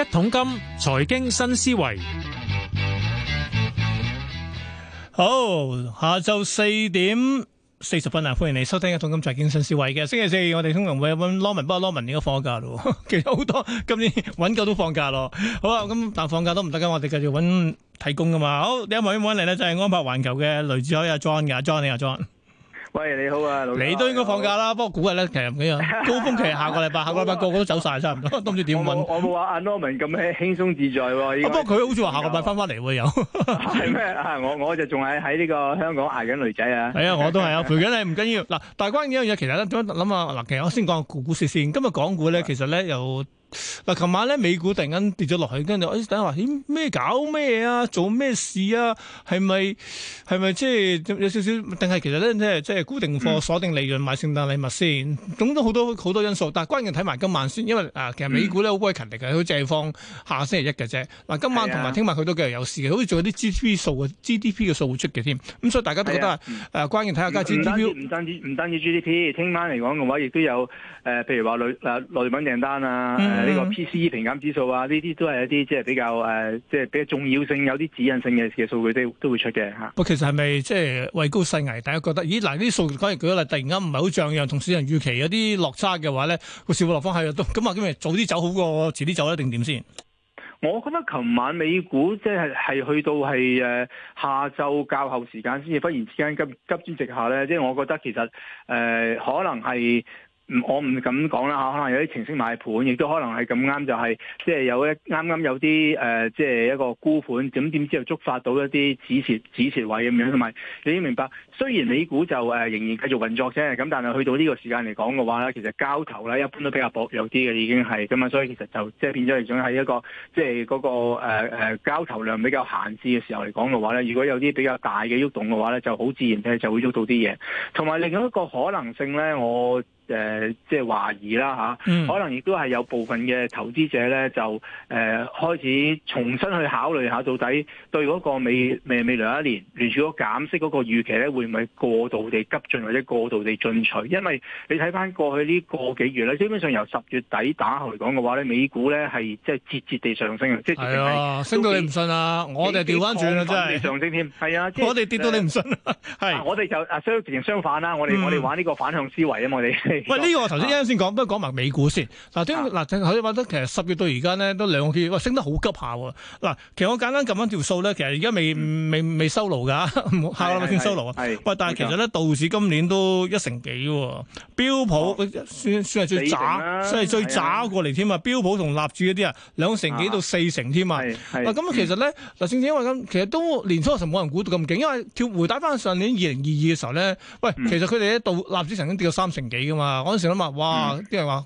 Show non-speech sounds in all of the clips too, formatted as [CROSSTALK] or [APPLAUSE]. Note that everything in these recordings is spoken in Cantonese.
一桶金財經新思維，好，下晝四點四十分啊，歡迎你收聽一桶金財經新思維嘅星期四，我哋通常會揾 Lawman，不過 Lawman 呢個放假咯， [LAUGHS] 其實好多今年揾夠都放假咯，好啊，咁但係放假都唔得噶，我哋繼續揾替工噶嘛，好，第一位冇揾嚟咧就係、是、安柏環球嘅雷志海阿、啊、John 噶、啊、，John 你、啊、阿 John。喂，你好啊，老。你都應該放假啦，不過估計咧，其實唔緊要。高峰期下個禮拜，下個禮拜個個都走晒，差唔多，都唔知點搵。我冇話阿 Norman 咁咩輕鬆自在喎。不過佢好似話下個禮拜翻翻嚟喎又。係咩啊？我我就仲係喺呢個香港捱緊女仔啊。係啊，我都係啊，陪緊你唔緊要。嗱，但係關於呢樣嘢，其實咧，點樣諗下？嗱，其實我先講個股市先，今日港股咧，其實咧又。嗱，琴晚咧美股突然間跌咗落去，跟住，哎，等下話，咦，咩搞咩啊？做咩事啊？係咪係咪即係有少少？定係其實咧即係即係固定貨鎖定利潤買聖誕禮物先？咁都好多好多因素，但係關鍵睇埋今晚先，因為啊，其實美股咧好鬼勤力嘅，好只係放下星期一嘅啫。嗱，今晚同埋聽晚佢都幾係有事嘅，好似仲有啲 GDP 數 GDP 嘅數會出嘅添。咁所以大家都覺得誒，關鍵睇下家。唔單止唔單止唔單止 GDP，聽晚嚟講嘅話，亦都有誒，譬如話內誒，內品訂單啊。呢、嗯、個 PCE 平減指數啊，呢啲都係一啲即係比較誒，即、呃、係、就是、比較重要性、有啲指引性嘅嘅數據都都會出嘅嚇。不過其實係咪即係畏高勢危？大家覺得，咦嗱？呢啲數據果然佢啦，突然間唔係好像樣，同人預市場預期有啲落差嘅話咧，個市況落翻係都咁啊、嗯！今日早啲走好過遲啲走一定點先？我覺得琴晚美股即係係去到係誒、呃、下晝較後時間先至忽然之間急急轉直下咧，即、就、係、是、我覺得其實誒、呃、可能係。我唔敢講啦嚇，可能有啲程式買盤，亦都可能係咁啱就係、是，即、就、係、是、有一啱啱有啲誒，即、呃、係、就是、一個沽盤，咁點知又觸發到一啲止蝕止蝕位咁樣。同埋你明白，雖然美股就誒、呃、仍然繼續運作啫，咁但係去到呢個時間嚟講嘅話咧，其實交投咧一般都比較薄弱啲嘅，已經係咁啊，所以其實就即係、就是、變咗嚟仲係一個即係嗰個誒、呃、交投量比較限制嘅時候嚟講嘅話咧，如果有啲比較大嘅喐動嘅話咧，就好自然咧就會喐到啲嘢。同埋另一個可能性咧，我。誒、呃，即係懷疑啦吓、啊，可能亦都係有部分嘅投資者咧，就誒、呃、開始重新去考慮下，到底對嗰個未未未來一年聯儲嗰減息嗰個預期咧，會唔會過度地急進或者過度地進取？因為你睇翻過去呢個幾月咧，基本上由十月底打後嚟講嘅話咧，美股咧係即係節節地上升，即係、哎、呀幾升到你唔信啊！我哋調翻轉啦，真係。上升添，係啊，我哋跌到你唔信係我哋就啊，所以完全相反啦，我哋我哋玩呢個反向思維啊嘛，我哋。 [LAUGHS] 喂，呢個我頭先一陣先講，不如講埋美股先。嗱，啲嗱頭先話得，其實十月到而家呢，都兩個幾月，喂，升得好急下喎。嗱，其實我簡單撳翻條數咧，其實而家未未未收爐㗎，下個禮拜先收爐啊。喂，但係其實咧，道指今年都一成幾，標普算算係最渣，算係最渣過嚟添啊。標普同納指嗰啲啊，兩成幾到四成添啊。咁其實咧，嗱，正正因為咁，其實都年初嗰陣冇人估到咁勁，因為叫回帶翻上年二零二二嘅時候咧，喂，其實佢哋咧道納指曾經跌到三成幾㗎嘛。啊！嗰陣時諗下，哇！啲人話。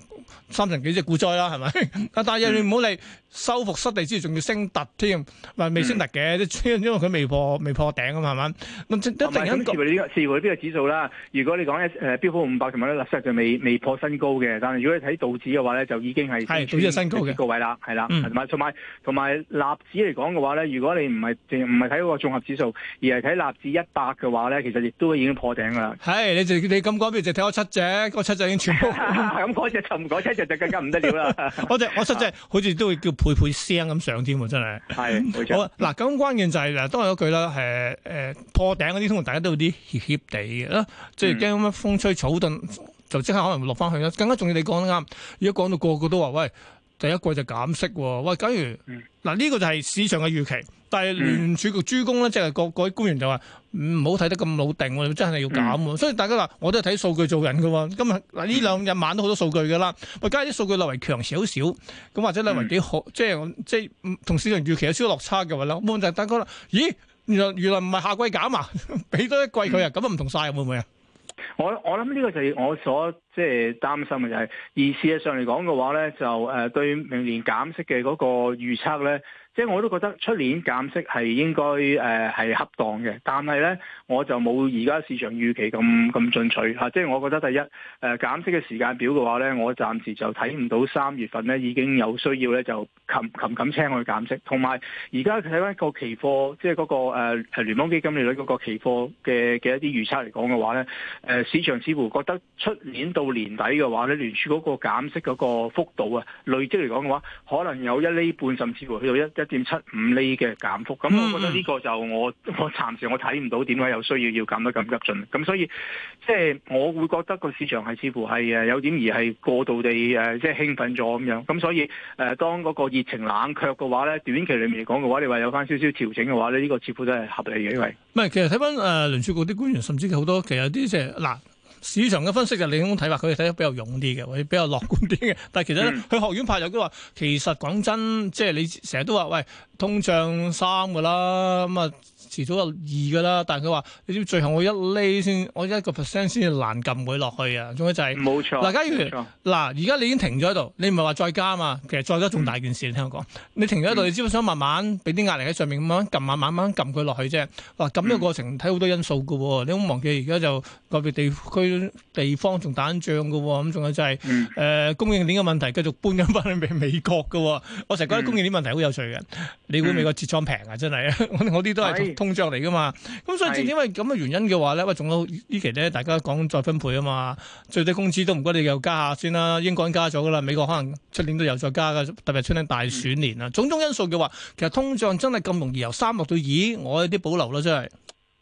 三成幾即係股災啦，係咪？ [LAUGHS] 但係你唔好理，嗯、收復失地之餘仲要升突添，咪未升突嘅，因因為佢未破未破頂啊嘛，係咪？咁即、嗯、那一定間視乎呢個，視乎邊個指數啦。如果你講誒標普五百同埋啲納指就未未破新高嘅，但係如果你睇道指嘅話咧，就已經係好似新高嘅高位啦，係啦了，同埋同埋納指嚟講嘅話咧，如果你唔係淨唔係睇嗰個綜合指數，而係睇納指一百嘅話咧，其實亦都已經破頂啦。係，你就你咁講，不如就睇我七隻，嗰七隻已經全部咁隻我真就就更加唔得了啦！ [LAUGHS] 我真我實際好似都會叫配配聲咁上添喎， [LAUGHS] [LAUGHS] 真係。係冇錯。嗱，咁關鍵就係、是、嗱，都係嗰句啦，誒誒破頂嗰啲，通常大家都有啲怯怯地嘅啦，即係驚乜風吹草動就即刻可能落翻去啦。更加重要你講得啱，如果講到個個都話喂。第一季就減息、哦，喂，假如嗱呢、嗯、個就係市場嘅預期，但係聯儲局諸、嗯、公咧，即、就、係、是、各位官員就話唔好睇得咁老定，我真係要減，嗯、所以大家啦，我都係睇數據做人噶。今日嗱呢兩日晚都好多數據噶啦，喂，加啲數據略為強少少，咁或者略為幾好，即係即係同市場預期有少少落差嘅話冇問題，咁就大家啦，咦、嗯，原來原來唔係下季減啊，俾多一季佢啊，咁啊唔同晒會唔會啊？我我諗呢個就係我所。即係擔心嘅就係、是，而事實上嚟講嘅話咧，就誒對明年減息嘅嗰個預測咧，即係我都覺得出年減息係應該誒係、呃、恰當嘅。但係咧，我就冇而家市場預期咁咁進取嚇、啊。即係我覺得第一誒、呃、減息嘅時間表嘅話咧，我暫時就睇唔到三月份咧已經有需要咧就擒擒青噉去減息。同埋而家睇返個期貨，即係嗰個誒、呃、聯邦基金利率嗰個期貨嘅嘅一啲預測嚟講嘅話咧，誒、呃、市場似乎覺得出年到到年底嘅話咧，聯儲嗰個減息嗰個幅度啊，累積嚟講嘅話，可能有一厘半，甚至乎去到一一點七五厘嘅減幅。咁、嗯嗯、我覺得呢個就我我暫時我睇唔到點解有需要要減得咁急進。咁所以即係、就是、我會覺得個市場係似乎係誒有點而係過度地誒即係興奮咗咁樣。咁所以誒、呃、當嗰個熱情冷卻嘅話咧，短期裡面嚟講嘅話，你話有返少少調整嘅話咧，呢、這個似乎都係合理嘅，因為唔係其實睇返誒聯儲局啲官員，甚至好多其實啲即係嗱。市場嘅分析就你一種睇法，佢哋睇得比較勇啲嘅，或者比較樂觀啲嘅。但係其實呢，佢、嗯、學院派又都話，其實講真，即係你成日都話，喂。通脹三嘅啦，咁啊遲早有二嘅啦，但係佢話你知唔知最後我一釐先，我一個 percent 先難撳佢落去啊！仲有就係、是、冇錯，嗱，假如嗱而家你已經停咗喺度，你唔係話再加啊嘛？其實再加仲大件事，你聽我講，你停咗喺度，嗯、你只不過想慢慢俾啲壓力喺上面咁樣撳下，慢慢撳佢落去啫。嗱、啊，撳呢個過程睇好、嗯、多因素嘅喎、哦，你唔好忘記而家就個別地區地方仲打緊仗嘅喎、哦，咁、嗯、仲、嗯、有就係、是、誒、呃、供應鏈嘅問題，繼續搬緊翻去美國嘅喎、哦。我成日覺得供應鏈問題好有趣嘅。嗯你估美國節倉平啊？真係，我啲都係通通脹嚟噶嘛。咁的所以正因為咁嘅原因嘅話咧，喂，仲有期呢期咧，大家講再分配啊嘛，最低工資都唔該你又加下先啦。英國已經加咗噶啦，美國可能出年都又再加噶。特別出年大選年啊，的種種因素嘅話，其實通脹真係咁容易由三落到二，我有啲保留咯，真係。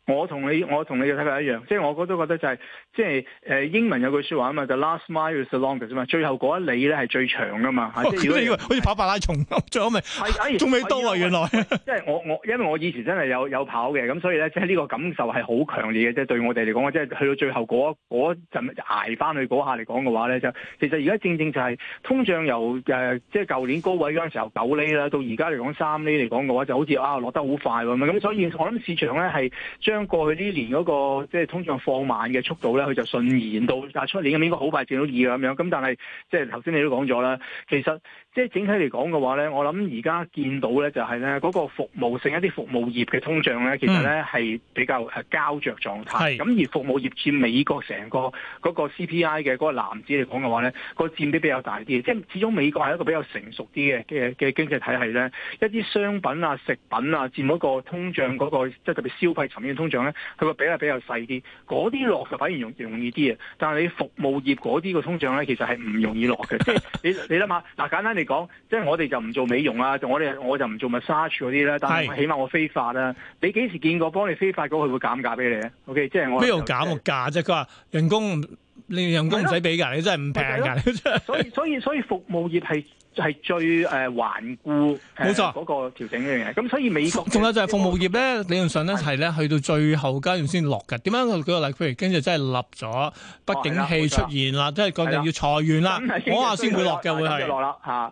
我同你，我同你嘅睇法一樣，即係我覺得覺得就係、是，即係誒、呃、英文有句説話啊嘛，就 last mile is the longest 啊嘛，最後嗰一里咧係最長噶嘛嚇，哦、即如果好似跑馬拉松咁，最後尾，最係仲未到啊原來，即係、哎、我我因為我以前真係有有跑嘅，咁所以咧，即係呢個感受係好強烈嘅，即係對我哋嚟講，即係去到最後嗰嗰陣捱翻去嗰下嚟講嘅話咧，就其實而家正正就係通脹由誒、呃、即係舊年高位嗰陣時候九厘啦，到而家嚟講三厘嚟講嘅話，就好似啊落得好快咁樣，咁所以我諗市場咧係將過去呢年嗰個即係通脹放慢嘅速度咧，佢就順延到但係出年咁，應該好快接到二咁樣。咁但係即係頭先你都講咗啦，其實。即係整體嚟講嘅話咧，我諗而家見到咧就係咧嗰個服務性一啲服務業嘅通脹咧，其實咧係比較係膠着狀態。咁、嗯、而服務業佔美國成個嗰個 CPI 嘅嗰個籃子嚟講嘅話咧，個佔比比較大啲。即係始終美國係一個比較成熟啲嘅嘅嘅經濟體系咧，一啲商品啊、食品啊佔嗰個通脹嗰、嗰個即係特別消費層面嘅通脹咧，佢個比例比較細啲。嗰啲落就反而容容易啲嘅。但係你服務業嗰啲嘅通脹咧，其實係唔容易落嘅。即係 [LAUGHS] 你你諗下嗱，簡單你。講，即係我哋就唔做美容啦，就我哋我就唔做 massage 嗰啲啦，但係起碼我飛髮啦。你幾時見過幫你飛髮嗰佢會減價俾你？啊 OK，即係我。邊度減過價啫？佢話人工你人工唔使俾㗎，你真係唔平㗎。所以所以所以服務業係。就係最誒頑固，冇錯嗰個調整呢樣嘢。咁所以美國仲有就係、是就是、服務業咧，理論上咧係咧去到最後階段先落嘅。點樣？我舉個例，譬如跟住真係立咗不景氣出現的啦，即係講定要裁員啦，我話先會落嘅會係。啊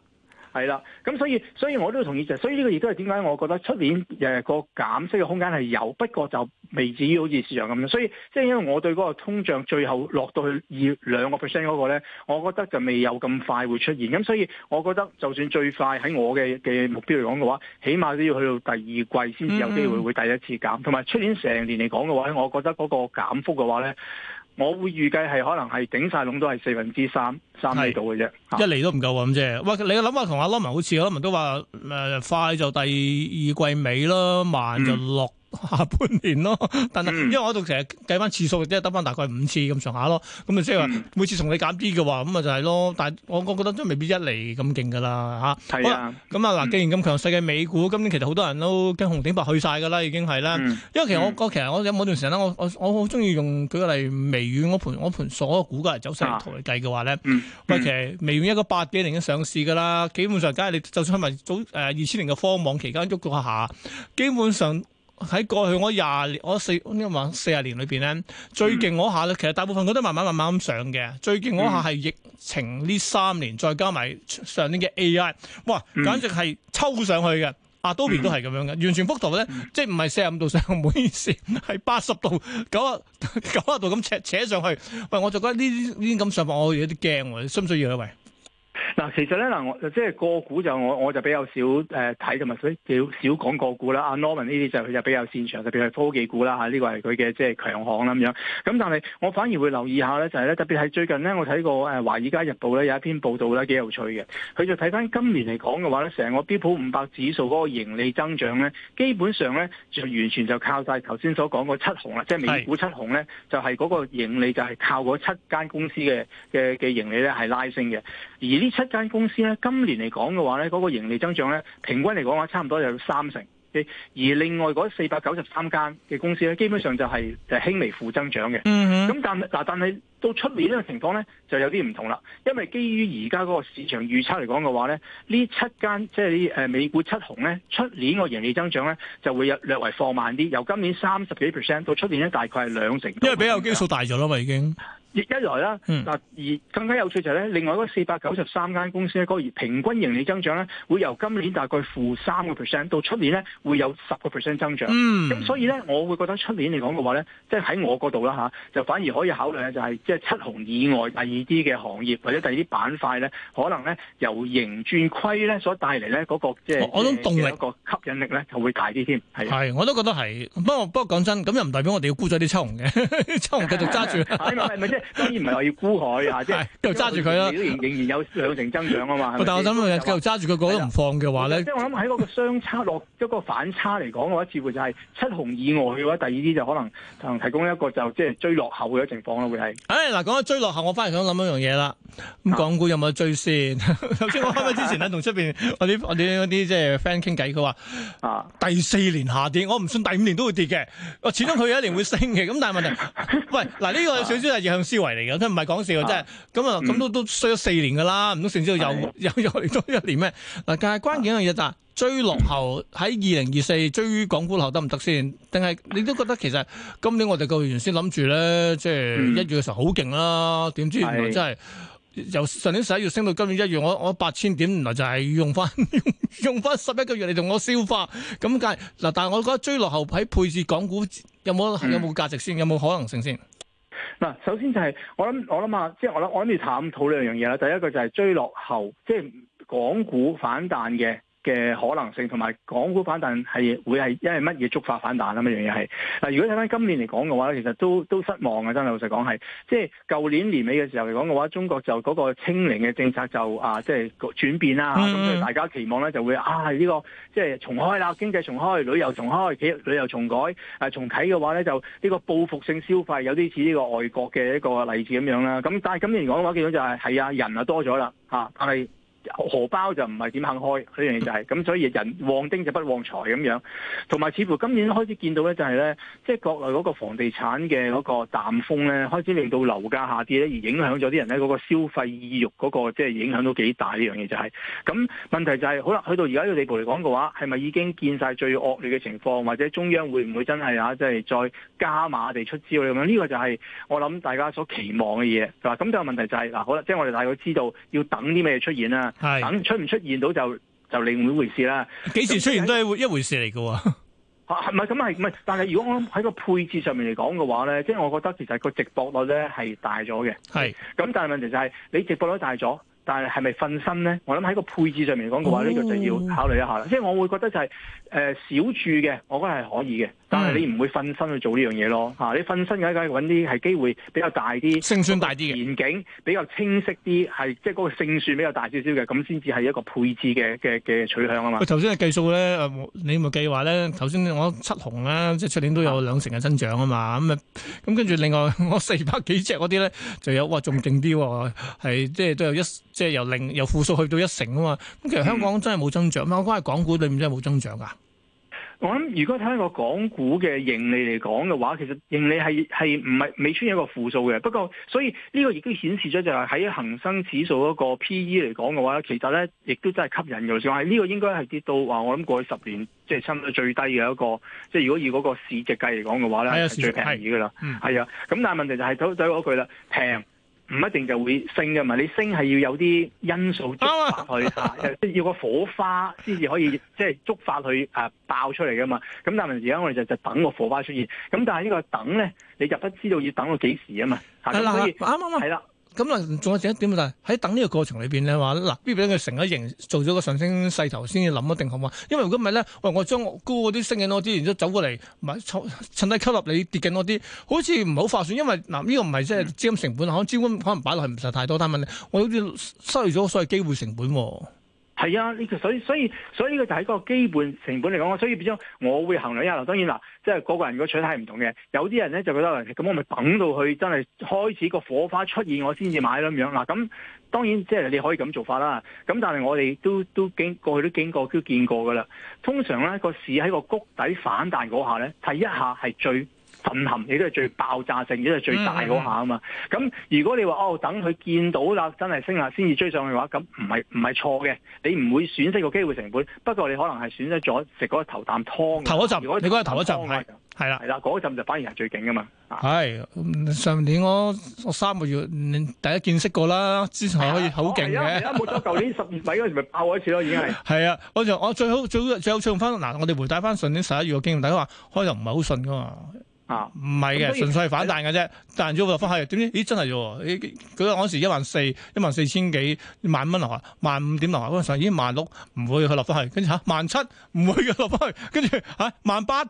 係啦，咁所以所以我都同意就，所以呢個亦都係點解我覺得出年誒個減息嘅空間係有，不過就未至於好似市場咁樣，所以即係、就是、因為我對嗰個通脹最後落到去二兩個 percent 嗰個咧，我覺得就未有咁快會出現，咁所以我覺得就算最快喺我嘅嘅目標嚟講嘅話，起碼都要去到第二季先至有機會會第一次減，同埋出年成年嚟講嘅話，我覺得嗰個減幅嘅話咧。我會預計係可能係頂晒籠都係四分之三三喺度嘅啫，是是一厘都唔夠啊咁啫。哇，你諗下同阿 Lo 文好似、嗯、，Lo 文都話誒快就第二季尾啦，慢就落，下半年咯，但係、嗯、因為我度成日計翻次數，即係得翻大概五次咁上下咯。咁咪即係話每次同你減啲嘅話，咁咪就係咯。但係我我覺得都未必一嚟咁勁嘅啦嚇。咁啊嗱，嗯嗯嗯、既然咁強勢嘅美股，今年其實好多人都跟紅頂白去晒嘅啦，已經係啦。因為其實我我、嗯、其實我有冇段時間咧，我我我好中意用舉例微軟嗰盤嗰盤所股價嘅走勢圖嚟計嘅話咧。啊嗯嗯、喂，其實微軟一個八幾年已經上市嘅啦，基本上梗係你就算咪早誒二千零嘅科網期間喐過下，基本上。喺過去我廿年我四呢個話四十年裏邊咧最勁嗰下咧，其實大部分佢都慢慢慢慢咁上嘅。最勁嗰下係疫情呢三年，再加埋上，上年嘅 AI，哇，簡直係抽上去嘅。Adobe 都係咁樣嘅，完全幅圖咧，即係唔係四十五度上，唔好意思，係八十度、九啊九啊度咁扯扯上去。喂，我就覺得呢呢啲咁上法，我有啲驚喎，需唔需要咧？喂？嗱，其實咧嗱，我即係個股就我我就比較少誒睇同埋少少講個股啦。阿、啊、Norman 呢啲就佢就比較擅長，特別係科技股啦嚇，呢、啊呢個係佢嘅即係強項咁樣。咁但係我反而會留意下咧、就係，就係咧特別係最近咧，我睇過誒《華爾街日報》咧有一篇報道咧幾有趣嘅。佢就睇翻今年嚟講嘅話咧，成個標普五百指數嗰個盈利增長咧，基本上咧就完全就靠晒頭先所講個七紅啦，即係美股七紅咧，就係嗰個盈利就係靠嗰七間公司嘅嘅嘅盈利咧係拉升嘅，而呢一間公司咧，今年嚟講嘅話咧，嗰個盈利增長咧，平均嚟講嘅話，差唔多有三成嘅，okay？而另外嗰四百九十三間嘅公司咧，基本上就係就係輕微負增長嘅。咁、mm hmm. 但嗱，但係。到出年況呢個情況咧，就有啲唔同啦。因為基於而家嗰個市場預測嚟講嘅話咧，七間七呢七間，即係誒美股七雄咧，出年個盈利增長咧就會有略為放慢啲，由今年三十幾 percent 到出年咧大概係兩成。因為比較基數大咗啦嘛，啊、已經一來啦，嗱二、嗯、更加有趣就係咧，另外嗰四百九十三間公司咧，個平均盈利增長咧會由今年大概負三個 percent 到出年咧會有十個 percent 增長。咁、嗯、所以咧，我會覺得出年嚟講嘅話咧，即係喺我嗰度啦嚇，就反而可以考慮咧就係、是。即係七紅以外第二啲嘅行業或者第二啲板塊咧，可能咧由盈轉虧咧所帶嚟咧，嗰個即係一個吸引力咧就會大啲添。係，我都覺得係。不過不過講真，咁又唔代表我哋要沽咗啲七紅嘅，七 [LAUGHS] 紅繼續揸住。係咪即係當然唔係話要沽海啊！即係繼續揸住佢啦。仍然有兩成增長啊嘛。但我諗佢繼續揸住佢個都唔放嘅話咧，即係我諗喺嗰個相差落一個反差嚟講嘅話，似乎就係七紅以外嘅話，第二啲就可能提供一個就即係追落後嘅情況咯，會係。誒，嗱，講緊追落後，我反嚟想諗一樣嘢啦。咁港股有冇追先？頭 [LAUGHS] 先我開咪之前咧，同出邊我啲我啲啲即係 friend 傾偈，佢話啊， [LAUGHS] 第四年下跌，我唔信第五年都會跌嘅。我始終佢有一年會升嘅。咁但係問題，喂，嗱呢個有少少係逆向思維嚟嘅，真唔係講笑，真係。 [LAUGHS] 咁啊，咁都都衰咗四年噶啦，唔通成之後又又又嚟多一年咩？嗱，但係關鍵嘅嘢就。追落後喺二零二四追港股後得唔得先？定係你都覺得其實今年我哋嘅原先諗住咧，即係一月嘅時候好勁啦。點、嗯、知原來真係由上年十一月升到今年一月，是我我八千點，原來就係用翻 [LAUGHS] 用用翻十一個月嚟，同我消化。咁介嗱，但係我覺得追落後喺配置港股有冇有冇價、嗯、值先？有冇可能性先？嗱，首先就係、是、我諗我諗下，即、就、係、是、我諗我喺呢度探討兩樣嘢啦。第一個就係追落後，即、就、係、是、港股反彈嘅。嘅可能性同埋港股反彈係會係因為乜嘢觸發反彈啊？乜樣嘢係？嗱，如果睇翻今年嚟講嘅話咧，其實都都失望啊！真係老實講係，即係舊年年尾嘅時候嚟講嘅話，中國就嗰個清零嘅政策就啊，即係轉變啦。咁、mm hmm. 大家期望咧就會啊，呢、呢個即係重開啦，經濟重開，旅遊重開，企旅遊重改啊，重啟嘅話咧就呢個報復性消費有啲似呢個外國嘅一個例子咁樣啦。咁但係今年嚟講嘅話，結果就係、係、係啊，人啊多咗啦嚇，但係。荷包就唔係點肯開，呢樣嘢就係咁，所以人旺丁就不旺財咁樣。同埋似乎今年開始見到呢、就是，就係呢，即係國內嗰個房地產嘅嗰個淡風呢，開始令到樓價下跌，咧，而影響咗啲人呢嗰個消費意欲嗰、那個，即、就、係、是、影響都幾大呢樣嘢就係、是。咁問題就係、是、好啦，去到而家呢個地步嚟講嘅話，係咪已經見晒最惡劣嘅情況，或者中央會唔會真係啊，即係再加碼地出招？呢咁樣？呢個就係我諗大家所期望嘅嘢。咁第二個問題就係、是、嗱，好啦，即、就、係、是、我哋大概知道要等啲咩出現啦。係，是等出唔出現到就就另一回事啦。幾時出現都係一回事嚟㗎。嚇、 [LAUGHS] 啊，係咪咁？係唔係？但係如果我喺個配置上面嚟講嘅話咧，即係我覺得其實個值博率咧係大咗嘅。係是。咁但係問題就係你值博率大咗。但係係咪瞓身咧？我諗喺個配置上面講嘅話，呢個就要考慮一下啦。即、就、係、是、我會覺得就係、是、誒、呃、小注嘅，我覺得係可以嘅。但係你唔會瞓身去做呢樣嘢咯嚇、啊。你瞓身嘅梗係揾啲係機會比較大啲、勝算大啲、嘅，前景比較清晰啲，係即係嗰個勝算比較大少少嘅，咁先至係一個配置嘅嘅嘅取向啊嘛。佢頭先嘅計數咧，你咪計話咧？頭先我七紅啦，即係出年都有兩成嘅增長啊嘛。咁啊，咁跟住另外我四百幾隻嗰啲咧，就有哇，仲勁啲喎，係即係都有一。即係由零由負數去到一成啊嘛，咁其實香港真係冇增長，我講係港股裏面真係冇增長噶。我諗如果睇個港股嘅盈利嚟講嘅話，其實盈利係係唔係未出現一個負數嘅。不過所以呢個亦都顯示咗就係喺恒生指數嗰個 P/E 嚟講嘅話，其實咧亦都真係吸引嘅。雖然呢個應該係跌到話我諗過去十年即係、就是、差唔多最低嘅一個，即、就、係、是、如果以嗰個市值計嚟講嘅話咧係最平嘅噶啦。係啊，咁的、嗯、但係問題就係再再嗰句啦，平。唔一定就會升嘅嘛，你升係要有啲因素觸發佢嚇，即係 [LAUGHS] 要個火花先至可以即係觸發佢啊爆出嚟噶嘛。咁但係而家我哋就就等個火花出現，咁但係呢個等咧，你就不知道要等到幾時嘛 [LAUGHS] 啊嘛嚇。咁所以係啦。咁啊，仲有剩一點就係喺等呢個過程裏邊咧，話嗱呢邊佢成咗型，做咗個上升勢頭先至諗一定好嘛。因為如果唔係咧，我我將高嗰啲升緊多啲，然之後走過嚟，唔係趁趁低吸納你跌緊多啲，好似唔好划算。因為嗱呢、啊這個唔係即係資金成本，嗯、可能資金可能擺落去唔使太多。但係問，我好似失去咗所有機會成本、啊。係啊，呢個所以所以所以呢個就喺嗰個基本成本嚟講，所以變咗我會衡量一下。當然啦，即係個個人嘅取態唔同嘅，有啲人咧就覺得咁我咪等到佢真係開始個火花出現我，我先至買啦咁樣嗱。咁當然即係、就是、你可以咁做法啦。咁但係我哋都都經過去都經過都見過㗎啦。通常咧個市喺個谷底反彈嗰下咧睇一下係、就是、最，混合，呢都係最爆炸性，呢啲係最大嗰下啊嘛。咁、嗯、如果你話哦，等佢見到啦，真係升啦，先至追上去嘅話，咁唔係唔係錯嘅。你唔會損失個機會成本，不過你可能係損失咗食嗰頭啖、嗯、湯。頭一陣，你講係頭嗰陣，係係啦，係啦，嗰陣就反而係最勁噶嘛。係上年我三個月大家見識過啦，之前可以好勁嘅。係冇錯，舊年十月尾嗰陣咪爆一次咯，已經係。係 [LAUGHS] 啊，我就我最好最好最好用翻嗱，我哋回帶翻上年十一月嘅經驗，大家話開頭唔係好順噶嘛。唔係嘅，嗯、純粹係反彈嘅啫，彈咗落翻去，點知咦真係喎？咦，佢嗰時一萬四，一萬四千幾萬蚊落嚟，萬五點落嚟嗰陣時已經萬六，唔會去落翻去，跟住吓萬七，唔、啊、會去落翻去，跟住吓萬八。啊 18,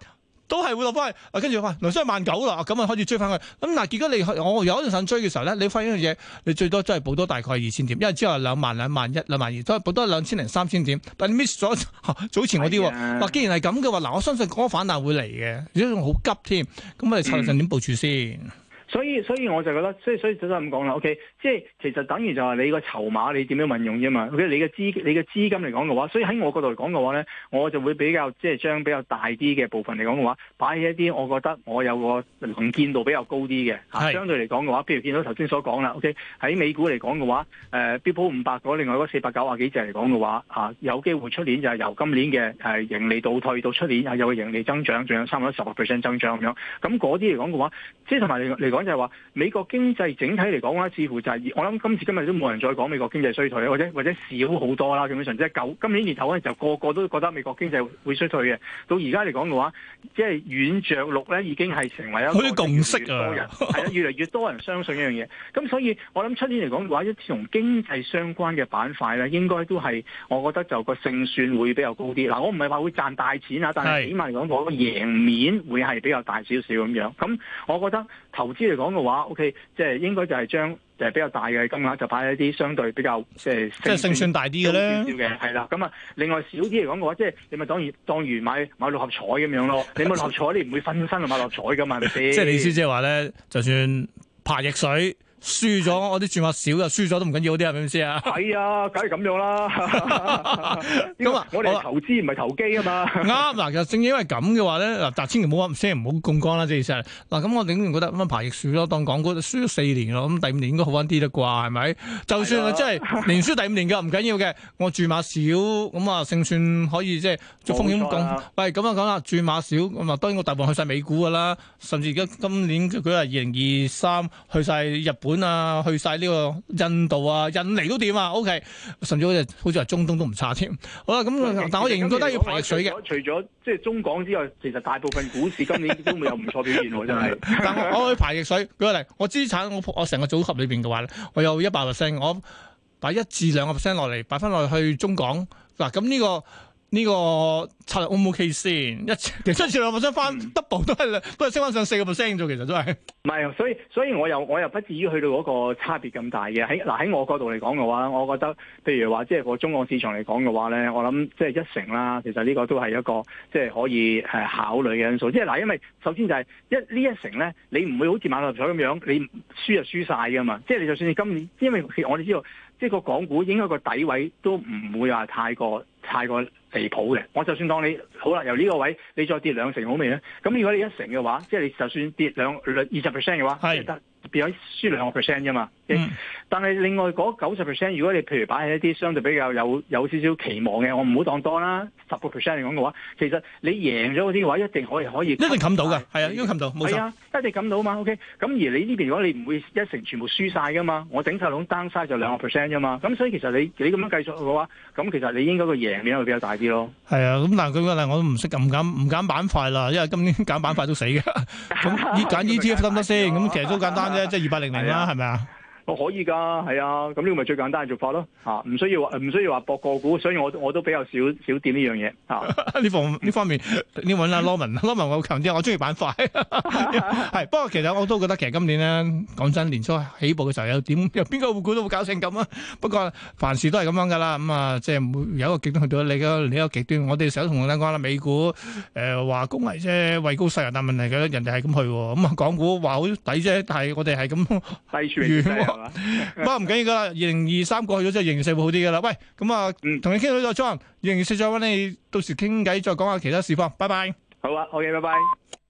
都係會落翻去，啊跟住話，樓市萬九啦，咁啊開始追翻去。咁嗱結果你我有一陣想追嘅時候咧，你發現一樣嘢，你最多真係補多大概二千點，因為之後兩萬兩萬一兩萬二都係補多兩千零三千點，但 miss 咗、啊、早前嗰啲喎。嗱既然係咁嘅話，嗱我相信嗰個反彈會嚟嘅，而且仲好急添。咁我哋策略上點部署先？嗯所以所以我就覺得，所以所以就咁講啦。OK，即係其實等於就係你個籌碼，你點樣運用啫嘛。OK，你嘅資你嘅資金嚟講嘅話，所以喺我角度嚟講嘅話咧，我就會比較即係將比較大啲嘅部分嚟講嘅話，擺喺一啲我覺得我有個能見度比較高啲嘅。相是對嚟講嘅話，譬如見到頭先所講啦。O K，喺美股嚟講嘅話，誒標普五百個，另外嗰四百九啊幾隻嚟講嘅話，嚇、啊、有機會出年就係由今年嘅係盈利倒退到出年係有盈利增長，仲有差唔多十個 percent 增長咁樣。咁嗰啲嚟講嘅話，即係同埋你。講。咁就係話美國經濟整體嚟講咧，似乎就係、是、我諗今次今日都冇人再講美國經濟衰退，或者或者少好多啦。基本上即係九今年年頭咧，就個個都覺得美國經濟會衰退嘅。到而家嚟講嘅話，即係軟着陸咧，已經係成為一個越越共識啊！多人係啊，越嚟越多人相信一樣嘢。咁所以，我諗出年嚟講嘅話，或者同經濟相關嘅板塊咧，應該都係我覺得就個勝算會比較高啲。嗱，我唔係話會賺大錢啊，但係起碼嚟講，是我個贏面會係比較大少少咁樣。咁我覺得投資。嚟講嘅話，OK，即係應該就係將誒比較大嘅金額就擺喺啲相對比較即係即係勝算大啲嘅咧。少少嘅係啦，咁啊，另外少啲嚟講嘅話，即係你咪當如當如買買六合彩咁樣咯。你冇六合彩，你唔會分身去買六合彩噶嘛？係咪先？即係你意思即係話咧，就算拍逆水。輸咗 [MUSIC] 我啲注碼少嘅，輸咗都唔緊要啲啊，咪先啊？係 [LAUGHS] 啊， [LAUGHS] [LAUGHS] 梗係咁樣啦。咁啊，我哋投資唔係投機啊嘛。啱 [LAUGHS] 嗱，其實正因為咁嘅話咧，嗱，但千祈唔好唔先唔好槓桿啦，即係其實嗱，咁我寧願覺得翻排易輸咯，當港股輸咗四年咯，咁第五年應該好翻啲啦啩，係咪？ [LAUGHS] 就算啊，即係連輸第五年嘅唔緊要嘅，我注碼少咁 [LAUGHS] 啊，勝算可以即係做風險降。啊、喂，咁啊講啦，注碼少，咁啊當然我大部分去晒美股噶啦，甚至而家今年佢佢係二零二三去晒日本。本啊，去晒呢個印度啊、印尼都點啊？OK，甚至好似好似話中東都唔差添。好啦，咁實但我仍然覺得要排逆水嘅。除咗即係中港之外，其實大部分股市今年都會有唔錯表現，真係。但係我去排逆水，舉個例，我資產我我成個組合裏邊嘅話咧，我有一百 percent，我擺一至兩個 percent 落嚟，擺翻落去中港嗱，咁呢個。呢、這個插入 O 唔 O K 先，一，其實兩個 percent 翻 double 都係，不過升翻上四個 percent 咗，其實都係。唔係，所以所以我又我又不至於去到嗰個差別咁大嘅。喺嗱喺我角度嚟講嘅話，我覺得譬如話即係個中港市場嚟講嘅話咧，我諗即係一成啦。其實呢個都係一個即係可以係考慮嘅因素。即係嗱，因為首先就係、是、一呢一成咧，你唔會好似馬來菜咁樣，你輸就輸晒噶嘛。即係你就算你今年，因為我哋知道。即係個港股應該個底位都唔會話太過太過離譜嘅。我就算當你好啦，由呢個位你再跌兩成好未咧？咁如果你一成嘅話，即係你就算跌兩二十 percent 嘅話，都得是。變咗輸兩個 percent 啫嘛，okay? 嗯、但係另外嗰九十 percent，如果你譬如擺喺一啲相對比較有有少少期望嘅，我唔好當多啦，十個 percent 嚟講嘅話，其實你贏咗嗰啲嘅話，一定可以可以一定冚到㗎，係啊，啊，一定冚到冇錯，一定冚到啊嘛，OK，咁而你呢邊如果你唔會一成全部輸晒㗎嘛，我頂晒籠 down 曬就兩個 percent 啫嘛，咁所以其實你你咁樣計數嘅話，咁其實你應該個贏面會比較大啲咯。係啊，咁但係佢嗰陣我都唔識㗎，唔揀唔揀板塊啦，因為今年揀板塊都死嘅，咁揀 ETF 得唔得先？咁其實都簡單啫。即係二八零零啦，係咪是啊？我可以噶，係啊，咁呢個咪最簡單嘅做法咯，嚇、啊，唔需要話唔需要話博個股，所以我我都比較少少掂呢樣嘢，嚇呢方呢方面，你揾阿羅文，羅文我強啲，我中意板塊，係。 [LAUGHS] [LAUGHS] 不過其實我都覺得其實今年咧，講真年初起步嘅時候有點，邊個股股都會搞成咁啊。不過凡事都係咁樣噶啦，咁、嗯、啊，即係會有一個極端去到你嘅，你，有你有一個極端，我哋成日同你講啦，美股誒、呃、華工係啫畏高世人，但問題係人哋係咁去，咁、嗯、啊港股話好抵啫，但係我哋係咁係遠 [LAUGHS] [LAUGHS] 不過，唔緊要噶啦。二零二三過去咗之後，二零二四會好啲噶啦。喂，咁啊，同、嗯、你傾到呢個，莊，二零二四再揾你到時傾偈，再講下其他事況。拜拜。好啊，OK，拜拜。